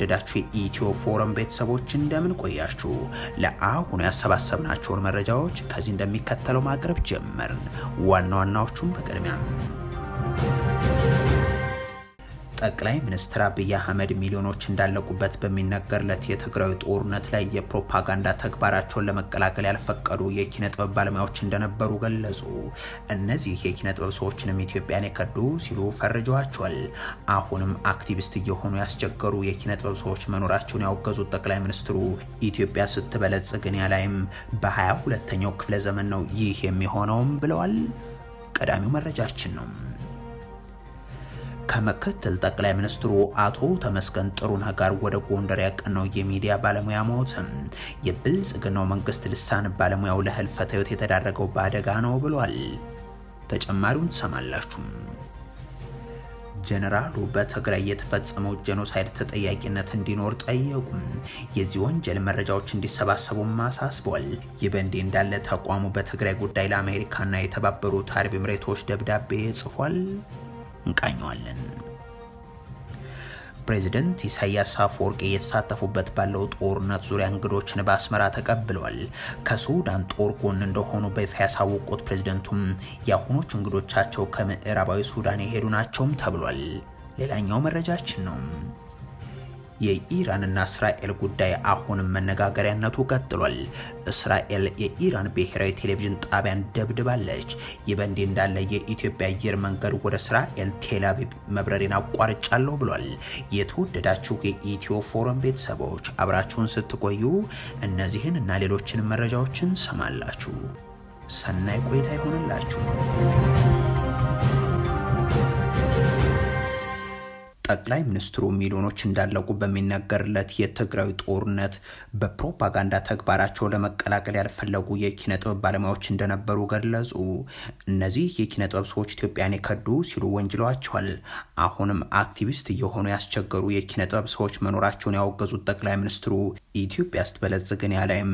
የተወደዳችሁ የኢትዮ ፎረም ቤተሰቦች እንደምን ቆያችሁ? ለአሁኑ ያሰባሰብናቸውን መረጃዎች ከዚህ እንደሚከተለው ማቅረብ ጀመርን። ዋና ዋናዎቹም በቅድሚያ ጠቅላይ ሚኒስትር አብይ አህመድ ሚሊዮኖች እንዳለቁበት በሚነገርለት የትግራዊ ጦርነት ላይ የፕሮፓጋንዳ ተግባራቸውን ለመቀላቀል ያልፈቀዱ የኪነ ጥበብ ባለሙያዎች እንደነበሩ ገለጹ። እነዚህ የኪነ ጥበብ ሰዎችንም ኢትዮጵያን የከዱ ሲሉ ፈርጀዋቸዋል። አሁንም አክቲቪስት እየሆኑ ያስቸገሩ የኪነ ጥበብ ሰዎች መኖራቸውን ያወገዙት ጠቅላይ ሚኒስትሩ ኢትዮጵያ ስትበለጽግ ኒያ ላይም በ 22 ክፍለ ዘመን ነው ይህ የሚሆነውም ብለዋል። ቀዳሚው መረጃችን ነው። ከምክትል ጠቅላይ ሚኒስትሩ አቶ ተመስገን ጥሩነህ ጋር ወደ ጎንደር ያቀነው የሚዲያ ባለሙያ ሞት የብልጽግናው መንግስት ልሳን ባለሙያው ለህልፈተ ህይወት የተዳረገው በአደጋ ነው ብሏል። ተጨማሪውን ትሰማላችሁ። ጀነራሉ በትግራይ የተፈጸመው ጄኖሳይድ ተጠያቂነት እንዲኖር ጠየቁም። የዚህ ወንጀል መረጃዎች እንዲሰባሰቡም አሳስቧል። ይህ በእንዲህ እንዳለ ተቋሙ በትግራይ ጉዳይ ለአሜሪካና የተባበሩት አረብ ኤምሬቶች ደብዳቤ ጽፏል። እንቃኘዋለን። ፕሬዚደንት ኢሳያስ አፈወርቂ የተሳተፉበት ባለው ጦርነት ዙሪያ እንግዶችን በአስመራ ተቀብለዋል። ከሱዳን ጦር ጎን እንደሆኑ በይፋ ያሳወቁት ፕሬዚደንቱም የአሁኖች እንግዶቻቸው ከምዕራባዊ ሱዳን የሄዱ ናቸውም ተብሏል። ሌላኛው መረጃችን ነው። የኢራንና እስራኤል ጉዳይ አሁንም መነጋገሪያነቱ ቀጥሏል። እስራኤል የኢራን ብሔራዊ ቴሌቪዥን ጣቢያን ደብድባለች። ይህ በእንዲህ እንዳለ የኢትዮጵያ አየር መንገድ ወደ እስራኤል ቴልአቪቭ መብረሬን አቋርጫለሁ ብሏል። የተወደዳችሁ የኢትዮ ፎረም ቤተሰቦች አብራችሁን ስትቆዩ እነዚህን እና ሌሎችን መረጃዎችን ሰማላችሁ። ሰናይ ቆይታ ይሆንላችሁ። ጠቅላይ ሚኒስትሩ ሚሊዮኖች እንዳለቁ በሚነገርለት የትግራዊ ጦርነት በፕሮፓጋንዳ ተግባራቸው ለመቀላቀል ያልፈለጉ የኪነ ጥበብ ባለሙያዎች እንደነበሩ ገለጹ። እነዚህ የኪነ ጥበብ ሰዎች ኢትዮጵያን የከዱ ሲሉ ወንጅለዋቸዋል። አሁንም አክቲቪስት እየሆኑ ያስቸገሩ የኪነ ጥበብ ሰዎች መኖራቸውን ያወገዙት ጠቅላይ ሚኒስትሩ ኢትዮጵያ ስትበለጽግን ያላይም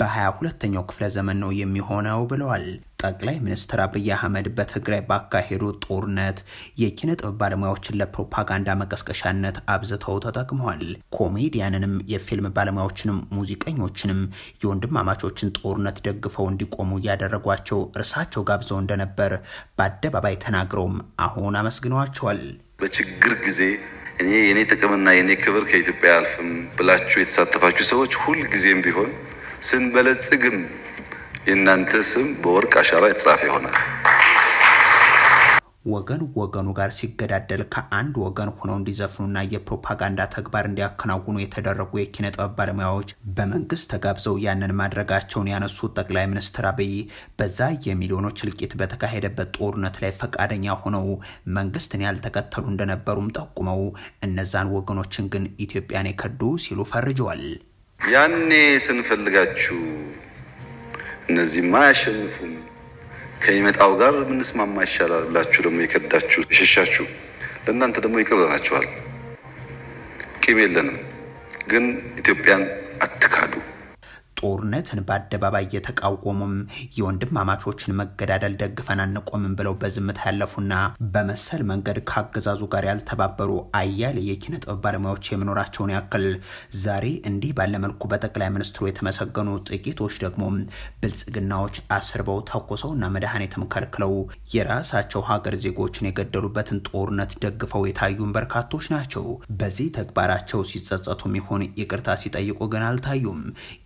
በሀያ ሁለተኛው ክፍለ ዘመን ነው የሚሆነው ብለዋል። ጠቅላይ ሚኒስትር አብይ አህመድ በትግራይ ባካሄዱት ጦርነት የኪነ ጥበብ ባለሙያዎችን ለፕሮፓጋንዳ መቀስቀሻነት አብዝተው ተጠቅመዋል። ኮሜዲያንንም የፊልም ባለሙያዎችንም ሙዚቀኞችንም የወንድማማቾችን ጦርነት ደግፈው እንዲቆሙ እያደረጓቸው እርሳቸው ጋብዘው እንደነበር በአደባባይ ተናግረውም አሁን አመስግነዋቸዋል። በችግር ጊዜ እኔ የኔ ጥቅምና የኔ ክብር ከኢትዮጵያ አልፍም ብላችሁ የተሳተፋችሁ ሰዎች ሁል ጊዜም ቢሆን ስንበለጽግም የእናንተ ስም በወርቅ አሻራ የተጻፈ ይሆናል። ወገን ወገኑ ጋር ሲገዳደል ከአንድ ወገን ሆነው እንዲዘፍኑና የፕሮፓጋንዳ ተግባር እንዲያከናውኑ የተደረጉ የኪነ ጥበብ ባለሙያዎች በመንግስት ተጋብዘው ያንን ማድረጋቸውን ያነሱት ጠቅላይ ሚኒስትር አብይ በዛ የሚሊዮኖች እልቂት በተካሄደበት ጦርነት ላይ ፈቃደኛ ሆነው መንግስትን ያልተከተሉ እንደነበሩም ጠቁመው እነዛን ወገኖችን ግን ኢትዮጵያን የከዱ ሲሉ ፈርጀዋል። ያኔ ስንፈልጋችሁ እነዚህማ አያሸንፉም ከሚመጣው ጋር ምንስማማ ይሻላል ብላችሁ ደግሞ የከዳችሁ የሸሻችሁ ለእናንተ ደግሞ ይቅር ብለናችኋል። ቂም የለንም ግን ኢትዮጵያን አትካዱ። ጦርነትን በአደባባይ እየተቃወሙም የወንድማማቾችን መገዳደል ደግፈን አንቆምም ብለው በዝምታ ያለፉና በመሰል መንገድ ከአገዛዙ ጋር ያልተባበሩ አያሌ የኪነ ጥበብ ባለሙያዎች የመኖራቸውን ያክል ዛሬ እንዲህ ባለመልኩ በጠቅላይ ሚኒስትሩ የተመሰገኑ ጥቂቶች ደግሞ ብልጽግናዎች አስርበው ተኩሰውና መድኃኒትም ከልክለው የራሳቸው ሀገር ዜጎችን የገደሉበትን ጦርነት ደግፈው የታዩም በርካቶች ናቸው። በዚህ ተግባራቸው ሲጸጸቱም ይሆን ይቅርታ ሲጠይቁ ግን አልታዩም።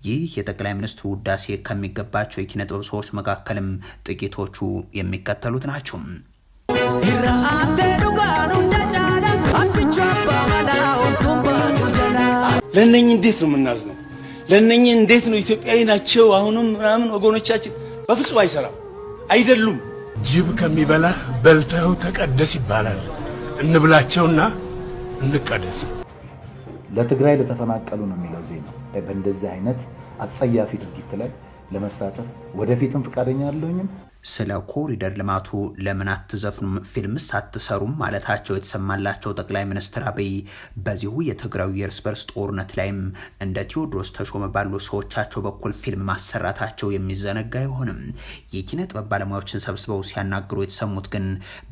ይህ የጠቅላይ ሚኒስትሩ ውዳሴ ከሚገባቸው የኪነ ጥበብ ሰዎች መካከልም ጥቂቶቹ የሚከተሉት ናቸው። ለእነኝ እንዴት ነው የምናዝነው? ለነኝ እንዴት ነው ኢትዮጵያዊ ናቸው አሁንም ምናምን ወገኖቻችን በፍጹም አይሰራም፣ አይደሉም። ጅብ ከሚበላ በልተው ተቀደስ ይባላል። እንብላቸውና እንቀደስ። ለትግራይ ለተፈናቀሉ ነው የሚለው ዜና በእንደዚህ አይነት አጸያፊ ድርጊት ላይ ለመሳተፍ ወደፊትም ፈቃደኛ አለኝም ስለ ኮሪደር ልማቱ ለምን አትዘፍኑም ፊልምስ አትሰሩም ማለታቸው የተሰማላቸው ጠቅላይ ሚኒስትር አብይ በዚሁ የትግራዊ የእርስ በርስ ጦርነት ላይም እንደ ቴዎድሮስ ተሾመ ባሉ ሰዎቻቸው በኩል ፊልም ማሰራታቸው የሚዘነጋ አይሆንም። የኪነ ጥበብ ባለሙያዎችን ሰብስበው ሲያናግሩ የተሰሙት ግን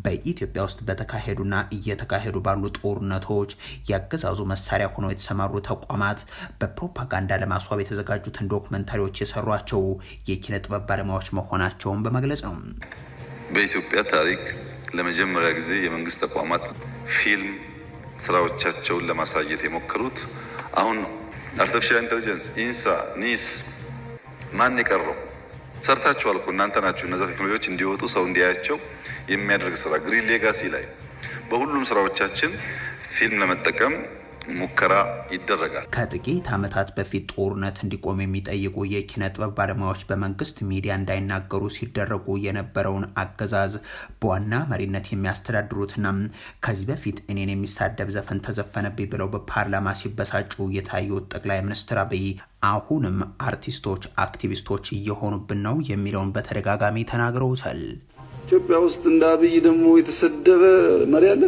በኢትዮጵያ ውስጥ በተካሄዱና እየተካሄዱ ባሉ ጦርነቶች የአገዛዙ መሳሪያ ሆነው የተሰማሩ ተቋማት በፕሮፓጋንዳ ለማስዋብ የተዘጋጁትን ዶክመንታሪዎች የሰሯቸው የኪነ ጥበብ ባለሙያዎች መሆናቸውን በመግለጽ ነው። በኢትዮጵያ ታሪክ ለመጀመሪያ ጊዜ የመንግስት ተቋማት ፊልም ስራዎቻቸውን ለማሳየት የሞከሩት አሁን ነው። አርቲፊሻል ኢንቴሊጀንስ ኢንሳ፣ ኒስ ማን የቀረው ሰርታችኋል እኮ እናንተ ናችሁ። እነዛ ቴክኖሎጂዎች እንዲወጡ ሰው እንዲያያቸው የሚያደርግ ስራ ግሪን ሌጋሲ ላይ በሁሉም ስራዎቻችን ፊልም ለመጠቀም ሙከራ ይደረጋል። ከጥቂት ዓመታት በፊት ጦርነት እንዲቆም የሚጠይቁ የኪነ ጥበብ ባለሙያዎች በመንግስት ሚዲያ እንዳይናገሩ ሲደረጉ የነበረውን አገዛዝ በዋና መሪነት የሚያስተዳድሩትና ከዚህ በፊት እኔን የሚሳደብ ዘፈን ተዘፈነብኝ ብለው በፓርላማ ሲበሳጩ የታዩት ጠቅላይ ሚኒስትር አብይ አሁንም አርቲስቶች አክቲቪስቶች እየሆኑብን ነው የሚለውን በተደጋጋሚ ተናግረውታል። ኢትዮጵያ ውስጥ እንደ አብይ ደግሞ የተሰደበ መሪ አለ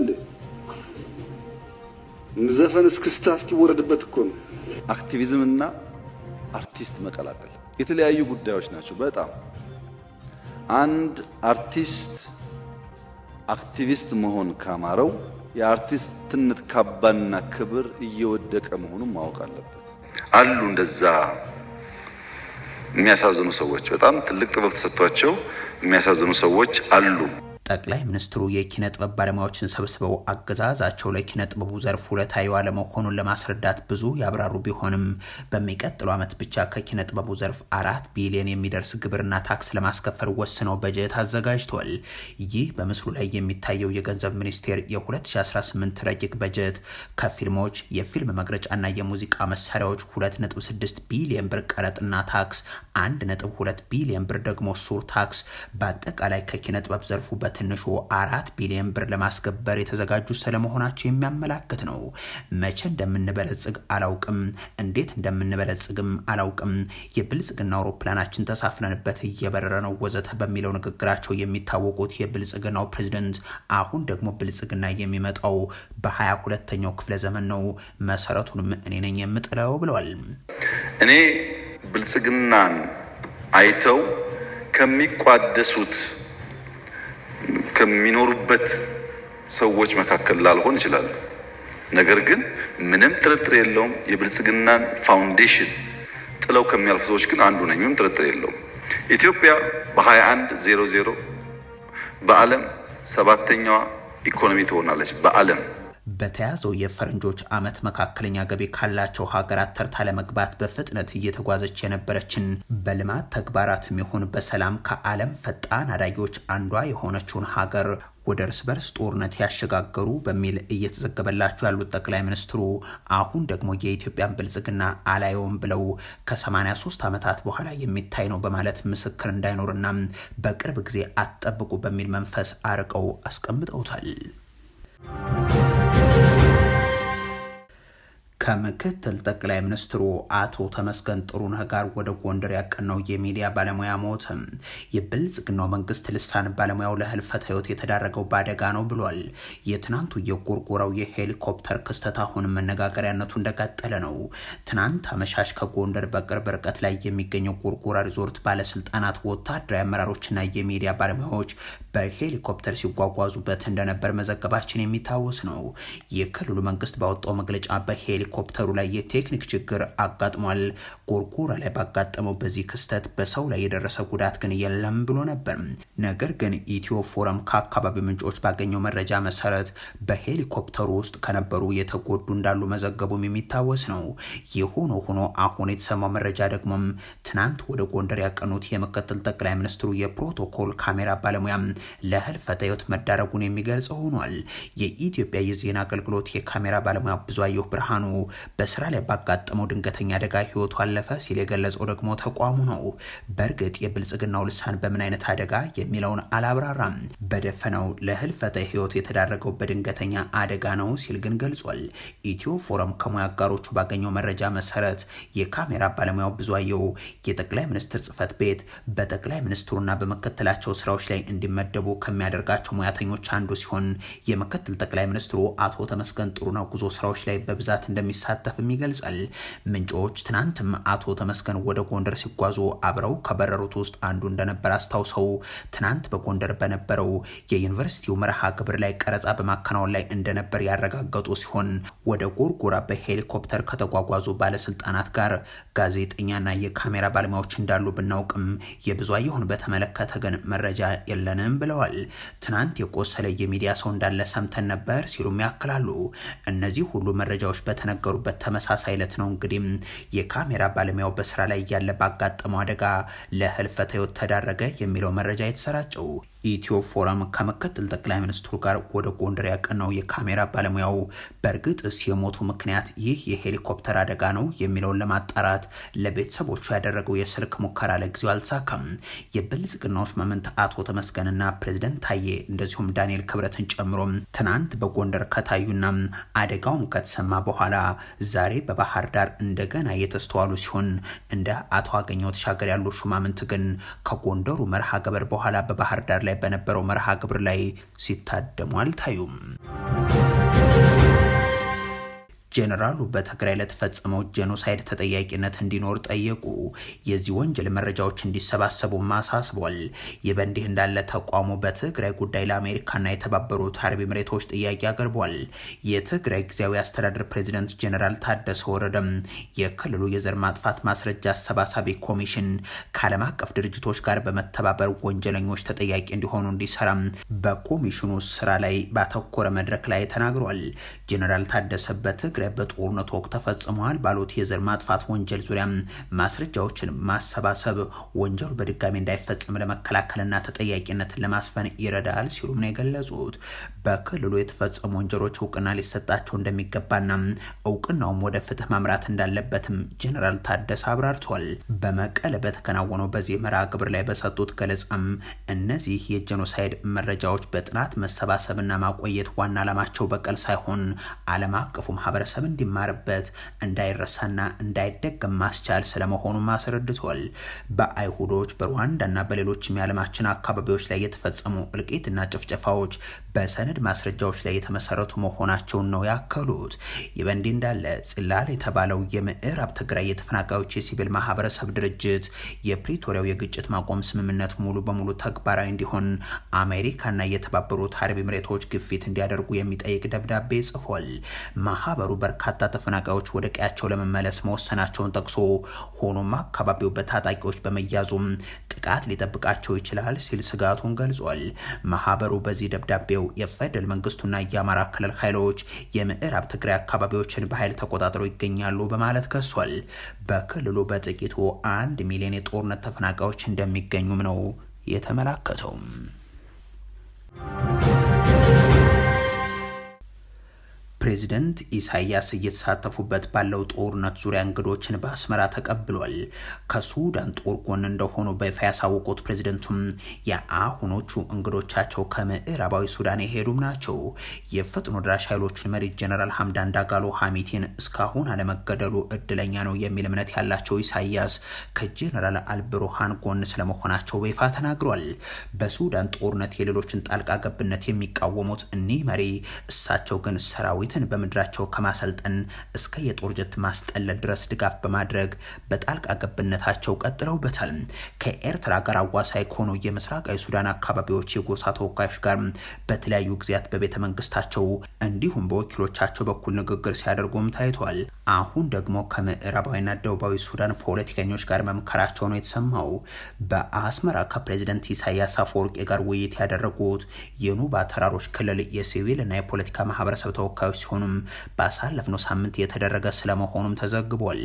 ዘፈን እስክስታ እስኪወረድበት እኮ ነው። አክቲቪዝምና አርቲስት መቀላቀል የተለያዩ ጉዳዮች ናቸው። በጣም አንድ አርቲስት አክቲቪስት መሆን ካማረው የአርቲስትነት ካባና ክብር እየወደቀ መሆኑን ማወቅ አለበት። አሉ እንደዛ የሚያሳዝኑ ሰዎች፣ በጣም ትልቅ ጥበብ ተሰጥቷቸው የሚያሳዝኑ ሰዎች አሉ። ጠቅላይ ሚኒስትሩ የኪነ ጥበብ ባለሙያዎችን ሰብስበው አገዛዛቸው ለኪነ ጥበቡ ዘርፍ ውለታ የዋለ ለማስረዳት ብዙ ያብራሩ ቢሆንም በሚቀጥለው ዓመት ብቻ ከኪነ ጥበቡ ዘርፍ አራት ቢሊዮን የሚደርስ ግብርና ታክስ ለማስከፈል ወስነው በጀት አዘጋጅቷል። ይህ በምስሉ ላይ የሚታየው የገንዘብ ሚኒስቴር የ2018 ረቂቅ በጀት ከፊልሞች የፊልም መግረጫና የሙዚቃ መሳሪያዎች 2.6 ቢሊዮን ብር ቀረጥና ታክስ፣ 1.2 ቢሊዮን ብር ደግሞ ሱር ታክስ በአጠቃላይ ከኪነ ጥበብ ዘርፉ በትንሹ አራት ቢሊዮን ብር ለማስገበር የተዘጋጁ ስለመሆናቸው የሚያመላክት ነው። መቼ እንደምንበለጽግ አላውቅም፣ እንዴት እንደምንበለጽግም አላውቅም። የብልጽግና አውሮፕላናችን ተሳፍነንበት እየበረረ ነው ወዘተ በሚለው ንግግራቸው የሚታወቁት የብልጽግናው ፕሬዝደንት አሁን ደግሞ ብልጽግና የሚመጣው በሀያ ሁለተኛው ክፍለ ዘመን ነው፣ መሰረቱንም እኔ ነኝ የምጥለው ብለዋል። እኔ ብልጽግናን አይተው ከሚቋደሱት ከሚኖሩበት ሰዎች መካከል ላልሆን ይችላል። ነገር ግን ምንም ጥርጥር የለውም የብልጽግናን ፋውንዴሽን ጥለው ከሚያልፉ ሰዎች ግን አንዱ ነኝ። ምንም ጥርጥር የለውም። ኢትዮጵያ በ2100 በዓለም ሰባተኛዋ ኢኮኖሚ ትሆናለች። በዓለም በተያዘው የፈረንጆች ዓመት መካከለኛ ገቢ ካላቸው ሀገራት ተርታ ለመግባት በፍጥነት እየተጓዘች የነበረችን በልማት ተግባራት የሚሆን በሰላም ከዓለም ፈጣን አዳጊዎች አንዷ የሆነችውን ሀገር ወደ እርስ በርስ ጦርነት ያሸጋገሩ በሚል እየተዘገበላቸው ያሉት ጠቅላይ ሚኒስትሩ አሁን ደግሞ የኢትዮጵያን ብልጽግና አላየውም ብለው ከ83 ዓመታት በኋላ የሚታይ ነው በማለት ምስክር እንዳይኖርና በቅርብ ጊዜ አትጠብቁ በሚል መንፈስ አርቀው አስቀምጠውታል። ከምክትል ጠቅላይ ሚኒስትሩ አቶ ተመስገን ጥሩነህ ጋር ወደ ጎንደር ያቀናው የሚዲያ ባለሙያ ሞትም የብልጽግናው መንግስት ልሳን ባለሙያው ለህልፈት ህይወት የተዳረገው በአደጋ ነው ብሏል። የትናንቱ የጎርጎራው የሄሊኮፕተር ክስተት አሁን መነጋገሪያነቱ እንደቀጠለ ነው። ትናንት አመሻሽ ከጎንደር በቅርብ ርቀት ላይ የሚገኘው ጎርጎራ ሪዞርት ባለስልጣናት፣ ወታደራዊ አመራሮችና የሚዲያ ባለሙያዎች በሄሊኮፕተር ሲጓጓዙበት እንደነበር መዘገባችን የሚታወስ ነው። የክልሉ መንግስት ባወጣው መግለጫ በሄሊኮፕተሩ ላይ የቴክኒክ ችግር አጋጥሟል፣ ጎርጎራ ላይ ባጋጠመው በዚህ ክስተት በሰው ላይ የደረሰ ጉዳት ግን የለም ብሎ ነበር። ነገር ግን ኢትዮ ፎረም ከአካባቢ ምንጮች ባገኘው መረጃ መሰረት በሄሊኮፕተሩ ውስጥ ከነበሩ የተጎዱ እንዳሉ መዘገቡም የሚታወስ ነው። የሆኖ ሆኖ አሁን የተሰማው መረጃ ደግሞም ትናንት ወደ ጎንደር ያቀኑት የምክትል ጠቅላይ ሚኒስትሩ የፕሮቶኮል ካሜራ ባለሙያ ለህልፈተ ህይወት መዳረጉን የሚገልጽ ሆኗል። የኢትዮጵያ የዜና አገልግሎት የካሜራ ባለሙያ ብዙአየሁ ብርሃኑ በስራ ላይ ባጋጠመው ድንገተኛ አደጋ ህይወቱ አለፈ ሲል የገለጸው ደግሞ ተቋሙ ነው። በእርግጥ የብልጽግናው ልሳን በምን አይነት አደጋ የሚለውን አላብራራም። በደፈነው ለህልፈተ ህይወት የተዳረገው በድንገተኛ አደጋ ነው ሲል ግን ገልጿል። ኢትዮ ፎረም ከሙያ አጋሮቹ ባገኘው መረጃ መሰረት የካሜራ ባለሙያው ብዙአየሁ የጠቅላይ ሚኒስትር ጽህፈት ቤት በጠቅላይ ሚኒስትሩና በመከተላቸው ስራዎች ላይ እንዲመደ እንዲመደቡ ከሚያደርጋቸው ሙያተኞች አንዱ ሲሆን የምክትል ጠቅላይ ሚኒስትሩ አቶ ተመስገን ጥሩነህ ጉዞ ስራዎች ላይ በብዛት እንደሚሳተፍም ይገልጻል። ምንጮች ትናንትም አቶ ተመስገን ወደ ጎንደር ሲጓዙ አብረው ከበረሩት ውስጥ አንዱ እንደነበር አስታውሰው ትናንት በጎንደር በነበረው የዩኒቨርሲቲው መርሃ ግብር ላይ ቀረጻ በማከናወን ላይ እንደነበር ያረጋገጡ ሲሆን ወደ ጎርጎራ በሄሊኮፕተር ከተጓጓዙ ባለስልጣናት ጋር ጋዜጠኛና የካሜራ ባለሙያዎች እንዳሉ ብናውቅም የብዙአየሁን በተመለከተ ግን መረጃ የለንም ብለዋል። ትናንት የቆሰለ የሚዲያ ሰው እንዳለ ሰምተን ነበር ሲሉም ያክላሉ። እነዚህ ሁሉ መረጃዎች በተነገሩበት ተመሳሳይ ዕለት ነው እንግዲህም የካሜራ ባለሙያው በስራ ላይ እያለ ባጋጠመው አደጋ ለህልፈተ ህይወት ተዳረገ የሚለው መረጃ የተሰራጨው። ኢትዮ ፎረም ከምክትል ጠቅላይ ሚኒስትሩ ጋር ወደ ጎንደር ያቀናው የካሜራ ባለሙያው በእርግጥስ የሞቱ ምክንያት ይህ የሄሊኮፕተር አደጋ ነው የሚለውን ለማጣራት ለቤተሰቦቹ ያደረገው የስልክ ሙከራ ለጊዜው አልተሳካም። የብልጽግናዎች መምንት አቶ ተመስገንና ፕሬዚደንት ታዬ እንደዚሁም ዳንኤል ክብረትን ጨምሮ ትናንት በጎንደር ከታዩና አደጋውም ከተሰማ በኋላ ዛሬ በባህር ዳር እንደገና የተስተዋሉ ሲሆን እንደ አቶ አገኘው ተሻገር ያሉ ሹማምንት ግን ከጎንደሩ መርሃ ገበር በኋላ በባህር ዳር ላይ በነበረው መርሃ ግብር ላይ ሲታደሙ አልታዩም። ጄኔራሉ በትግራይ ለተፈጸመው ጄኖሳይድ ተጠያቂነት እንዲኖር ጠየቁ። የዚህ ወንጀል መረጃዎች እንዲሰባሰቡ አሳስቧል። ይህ በእንዲህ እንዳለ ተቋሙ በትግራይ ጉዳይ ለአሜሪካና የተባበሩት አረብ ኤምሬቶች ጥያቄ አቅርቧል። የትግራይ ጊዜያዊ አስተዳደር ፕሬዚደንት ጄኔራል ታደሰ ወረደም የክልሉ የዘር ማጥፋት ማስረጃ አሰባሳቢ ኮሚሽን ከዓለም አቀፍ ድርጅቶች ጋር በመተባበር ወንጀለኞች ተጠያቂ እንዲሆኑ እንዲሰራም በኮሚሽኑ ስራ ላይ ባተኮረ መድረክ ላይ ተናግሯል። ጄኔራል ታደሰ በትግራይ በጦርነት ወቅት ተፈጽመዋል ባሉት የዘር ማጥፋት ወንጀል ዙሪያ ማስረጃዎችን ማሰባሰብ ወንጀሉ በድጋሚ እንዳይፈጸም ለመከላከልና ተጠያቂነትን ለማስፈን ይረዳል ሲሉም ነው የገለጹት። በክልሉ የተፈጸሙ ወንጀሎች እውቅና ሊሰጣቸው እንደሚገባና እውቅናውም ወደ ፍትህ ማምራት እንዳለበትም ጀኔራል ታደሰ አብራርቷል። በመቀለ በተከናወነው በዚህ መርሃ ግብር ላይ በሰጡት ገለጻም እነዚህ የጀኖሳይድ መረጃዎች በጥናት መሰባሰብና ማቆየት ዋና ዓላማቸው በቀል ሳይሆን ዓለም አቀፉ ማህበረሰብ ማህበረሰብ እንዲማርበት እንዳይረሳና እንዳይደገም ማስቻል ስለመሆኑም አስረድቷል። በአይሁዶች በሩዋንዳና በሌሎችም የዓለማችን አካባቢዎች ላይ የተፈጸሙ እልቂትና ጭፍጨፋዎች በሰነድ ማስረጃዎች ላይ የተመሰረቱ መሆናቸውን ነው ያከሉት። ይህ በእንዲህ እንዳለ ጽላል የተባለው የምዕራብ ትግራይ የተፈናቃዮች የሲቪል ማህበረሰብ ድርጅት የፕሪቶሪያው የግጭት ማቆም ስምምነት ሙሉ በሙሉ ተግባራዊ እንዲሆን አሜሪካና የተባበሩት አረብ ኤምሬቶች ግፊት እንዲያደርጉ የሚጠይቅ ደብዳቤ ጽፏል። ማህበሩ በርካታ ተፈናቃዮች ወደ ቀያቸው ለመመለስ መወሰናቸውን ጠቅሶ ሆኖም አካባቢው በታጣቂዎች በመያዙም ጥቃት ሊጠብቃቸው ይችላል ሲል ስጋቱን ገልጿል። ማህበሩ በዚህ ደብዳቤው የፌደራል መንግስቱና የአማራ ክልል ኃይሎች የምዕራብ ትግራይ አካባቢዎችን በኃይል ተቆጣጥረው ይገኛሉ በማለት ከሷል። በክልሉ በጥቂቱ አንድ ሚሊዮን የጦርነት ተፈናቃዮች እንደሚገኙም ነው የተመላከተው። ፕሬዚደንት ኢሳያስ እየተሳተፉበት ባለው ጦርነት ዙሪያ እንግዶችን በአስመራ ተቀብሏል። ከሱዳን ጦር ጎን እንደሆኑ በይፋ ያሳወቁት ፕሬዚደንቱም የአሁኖቹ እንግዶቻቸው ከምዕራባዊ ሱዳን የሄዱም ናቸው። የፈጥኖ ድራሽ ኃይሎችን መሪ ጀነራል ሀምዳን ዳጋሎ ሀሚቲን እስካሁን አለመገደሉ እድለኛ ነው የሚል እምነት ያላቸው ኢሳያስ ከጀነራል አልብሩሃን ጎን ስለመሆናቸው በይፋ ተናግሯል። በሱዳን ጦርነት የሌሎችን ጣልቃ ገብነት የሚቃወሙት እኒህ መሪ እሳቸው ግን ሰራዊት ሰራዊትን በምድራቸው ከማሰልጠን እስከ የጦር ጀት ማስጠለል ድረስ ድጋፍ በማድረግ በጣልቃ ገብነታቸው ቀጥለውበታል። ከኤርትራ ጋር አዋሳኝ ከሆኑ የምስራቃዊ ሱዳን አካባቢዎች የጎሳ ተወካዮች ጋር በተለያዩ ጊዜያት በቤተ መንግስታቸው እንዲሁም በወኪሎቻቸው በኩል ንግግር ሲያደርጉም ታይቷል። አሁን ደግሞ ከምዕራባዊና ደቡባዊ ሱዳን ፖለቲከኞች ጋር መምከራቸው ነው የተሰማው። በአስመራ ከፕሬዚደንት ኢሳያስ አፈወርቄ ጋር ውይይት ያደረጉት የኑባ ተራሮች ክልል የሲቪል እና የፖለቲካ ማህበረሰብ ተወካዮች ሲሆኑም ባሳለፍነው ሳምንት የተደረገ ስለመሆኑም ተዘግቧል።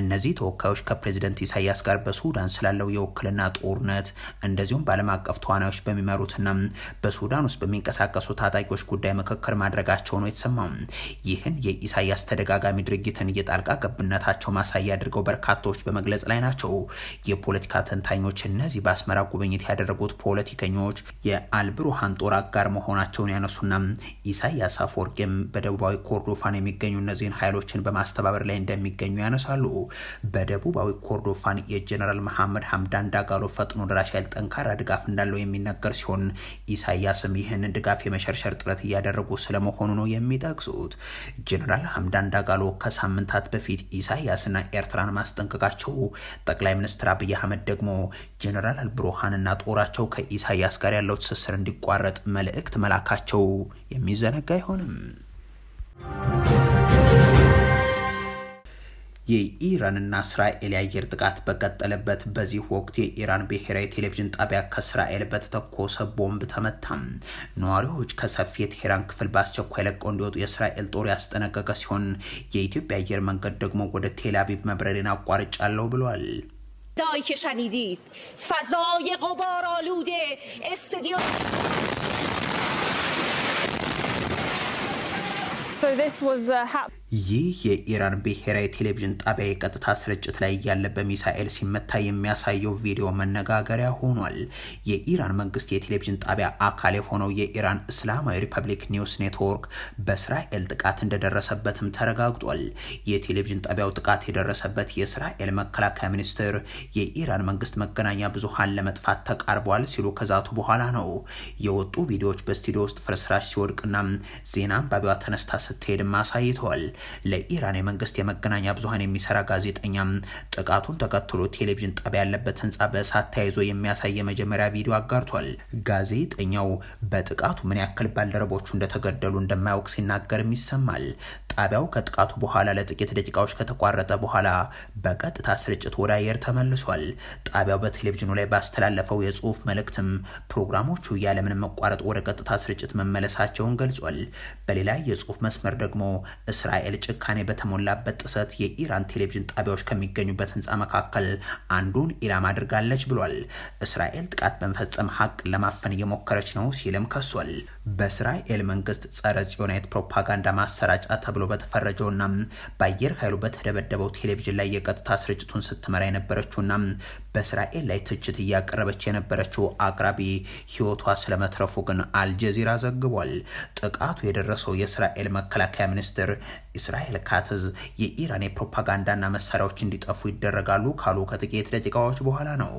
እነዚህ ተወካዮች ከፕሬዝደንት ኢሳያስ ጋር በሱዳን ስላለው የውክልና ጦርነት እንደዚሁም በዓለም አቀፍ ተዋናዮች በሚመሩትና በሱዳን ውስጥ በሚንቀሳቀሱ ታጣቂዎች ጉዳይ ምክክር ማድረጋቸው ነው የተሰማው። ይህን የኢሳያስ ተደጋጋሚ ድርጊትን የጣልቃ ገብነታቸው ማሳያ አድርገው በርካታዎች በመግለጽ ላይ ናቸው። የፖለቲካ ተንታኞች እነዚህ በአስመራ ጉብኝት ያደረጉት ፖለቲከኞች የአልብሩሃን ጦር አጋር መሆናቸውን ያነሱና ኢሳያስ አፈወርቂም በደቡብ ደቡባዊ ኮርዶፋን የሚገኙ እነዚህን ኃይሎችን በማስተባበር ላይ እንደሚገኙ ያነሳሉ። በደቡባዊ ኮርዶፋን የጀነራል መሐመድ ሀምዳን ዳጋሎ ፈጥኖ ደራሽ ኃይል ጠንካራ ድጋፍ እንዳለው የሚነገር ሲሆን ኢሳያስም ይህንን ድጋፍ የመሸርሸር ጥረት እያደረጉ ስለመሆኑ ነው የሚጠቅሱት። ጀነራል ሀምዳን ዳጋሎ ከሳምንታት በፊት ኢሳያስና ኤርትራን ማስጠንቀቃቸው፣ ጠቅላይ ሚኒስትር አብይ አህመድ ደግሞ ጀነራል አልብሩሃንና ጦራቸው ከኢሳያስ ጋር ያለው ትስስር እንዲቋረጥ መልእክት መላካቸው የሚዘነጋ አይሆንም። የኢራንና እስራኤል የአየር ጥቃት በቀጠለበት በዚህ ወቅት የኢራን ብሔራዊ ቴሌቪዥን ጣቢያ ከእስራኤል በተተኮሰ ቦምብ ተመታም። ነዋሪዎች ከሰፊ የቴሄራን ክፍል በአስቸኳይ ለቀው እንዲወጡ የእስራኤል ጦር ያስጠነቀቀ ሲሆን የኢትዮጵያ አየር መንገድ ደግሞ ወደ ቴል አቪቭ መብረሬን አቋርጫለሁ ብሏል። So this was uh, ይህ የኢራን ብሔራዊ ቴሌቪዥን ጣቢያ የቀጥታ ስርጭት ላይ እያለ በሚሳኤል ሲመታ የሚያሳየው ቪዲዮ መነጋገሪያ ሆኗል። የኢራን መንግስት የቴሌቪዥን ጣቢያ አካል የሆነው የኢራን እስላማዊ ሪፐብሊክ ኒውስ ኔትወርክ በእስራኤል ጥቃት እንደደረሰበትም ተረጋግጧል። የቴሌቪዥን ጣቢያው ጥቃት የደረሰበት የእስራኤል መከላከያ ሚኒስትር የኢራን መንግስት መገናኛ ብዙሃን ለመጥፋት ተቃርቧል ሲሉ ከዛቱ በኋላ ነው። የወጡ ቪዲዮዎች በስቱዲዮ ውስጥ ፍርስራሽ ሲወድቅና ዜና አንባቢዋ ተነስታ ስትሄድም አሳይተዋል። ለኢራን የመንግስት የመገናኛ ብዙሀን የሚሰራ ጋዜጠኛ ጥቃቱን ተከትሎ ቴሌቪዥን ጣቢያ ያለበት ህንፃ በእሳት ተያይዞ የሚያሳይ የመጀመሪያ ቪዲዮ አጋርቷል። ጋዜጠኛው በጥቃቱ ምን ያክል ባልደረቦቹ እንደተገደሉ እንደማያውቅ ሲናገርም ይሰማል። ጣቢያው ከጥቃቱ በኋላ ለጥቂት ደቂቃዎች ከተቋረጠ በኋላ በቀጥታ ስርጭት ወደ አየር ተመልሷል። ጣቢያው በቴሌቪዥኑ ላይ ባስተላለፈው የጽሁፍ መልእክትም ፕሮግራሞቹ ያለምንም መቋረጥ ወደ ቀጥታ ስርጭት መመለሳቸውን ገልጿል። በሌላ የጽሁፍ መስመር ደግሞ እስራኤል የእስራኤል ጭካኔ በተሞላበት ጥሰት የኢራን ቴሌቪዥን ጣቢያዎች ከሚገኙበት ህንፃ መካከል አንዱን ኢላማ አድርጋለች ብሏል። እስራኤል ጥቃት በመፈጸም ሀቅ ለማፈን እየሞከረች ነው ሲልም ከሷል። በእስራኤል መንግስት ጸረ ጽዮናዊት ፕሮፓጋንዳ ማሰራጫ ተብሎ በተፈረጀውና በአየር ኃይሉ በተደበደበው ቴሌቪዥን ላይ የቀጥታ ስርጭቱን ስትመራ የነበረችውና በእስራኤል ላይ ትችት እያቀረበች የነበረችው አቅራቢ ህይወቷ ስለመትረፉ ግን አልጀዚራ ዘግቧል። ጥቃቱ የደረሰው የእስራኤል መከላከያ ሚኒስትር እስራኤል ካትዝ የኢራን የፕሮፓጋንዳና መሳሪያዎች እንዲጠፉ ይደረጋሉ ካሉ ከጥቂት ደቂቃዎች በኋላ ነው።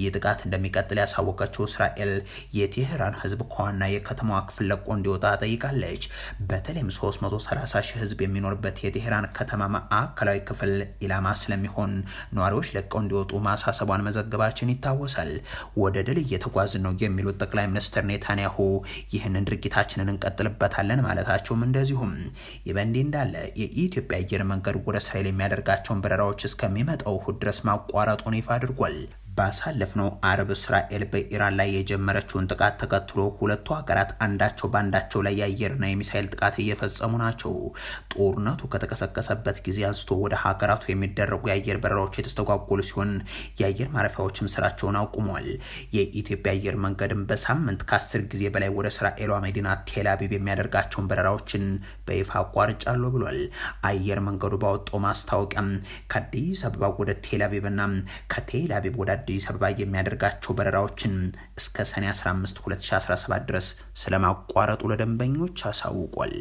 ይህ ጥቃት እንደሚቀጥል ያሳወቀችው እስራኤል የቴህራን ህዝብ ከዋና የከተማዋ ክፍል ለቆ እንዲወጣ ጠይቃለች። በተለይም 330 ሺህ ህዝብ የሚኖርበት የቴሄራን ከተማ ማዕከላዊ ክፍል ኢላማ ስለሚሆን ነዋሪዎች ለቀው እንዲወጡ ማሳሰቧን መዘገባችን ይታወሳል። ወደ ድል እየተጓዝን ነው የሚሉት ጠቅላይ ሚኒስትር ኔታንያሁ ይህንን ድርጊታችንን እንቀጥልበታለን ማለታቸውም እንደዚሁም ይህ በእንዲህ እንዳለ የኢትዮጵያ አየር መንገድ ወደ እስራኤል የሚያደርጋቸውን በረራዎች እስከሚመጣው እሁድ ድረስ ማቋረጡን ይፋ አድርጓል። ባሳለፍነው አርብ እስራኤል በኢራን ላይ የጀመረችውን ጥቃት ተከትሎ ሁለቱ ሀገራት አንዳቸው በአንዳቸው ላይ የአየርና የሚሳይል ጥቃት እየፈጸሙ ናቸው። ጦርነቱ ከተቀሰቀሰበት ጊዜ አንስቶ ወደ ሀገራቱ የሚደረጉ የአየር በረራዎች የተስተጓጎሉ ሲሆን የአየር ማረፊያዎችም ስራቸውን አቁሟል። የኢትዮጵያ አየር መንገድም በሳምንት ከአስር ጊዜ በላይ ወደ እስራኤሏ መዲና ቴልአቪቭ የሚያደርጋቸውን በረራዎችን በይፋ አቋርጫለሁ ብሏል። አየር መንገዱ ባወጣው ማስታወቂያም ከአዲስ አበባ ወደ ቴልአቪቭና ከቴልአቪቭ ወደ አዲስ አበባ የሚያደርጋቸው በረራዎችን እስከ ሰኔ 15 2017 ድረስ ስለማቋረጡ ለደንበኞች አሳውቋል።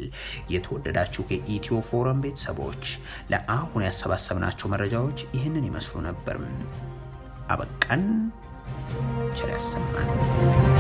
የተወደዳችሁ የኢትዮ ፎረም ቤተሰቦች ለአሁን ያሰባሰብናቸው መረጃዎች ይህንን ይመስሉ ነበር። አበቃን። ቸር ያሰማን።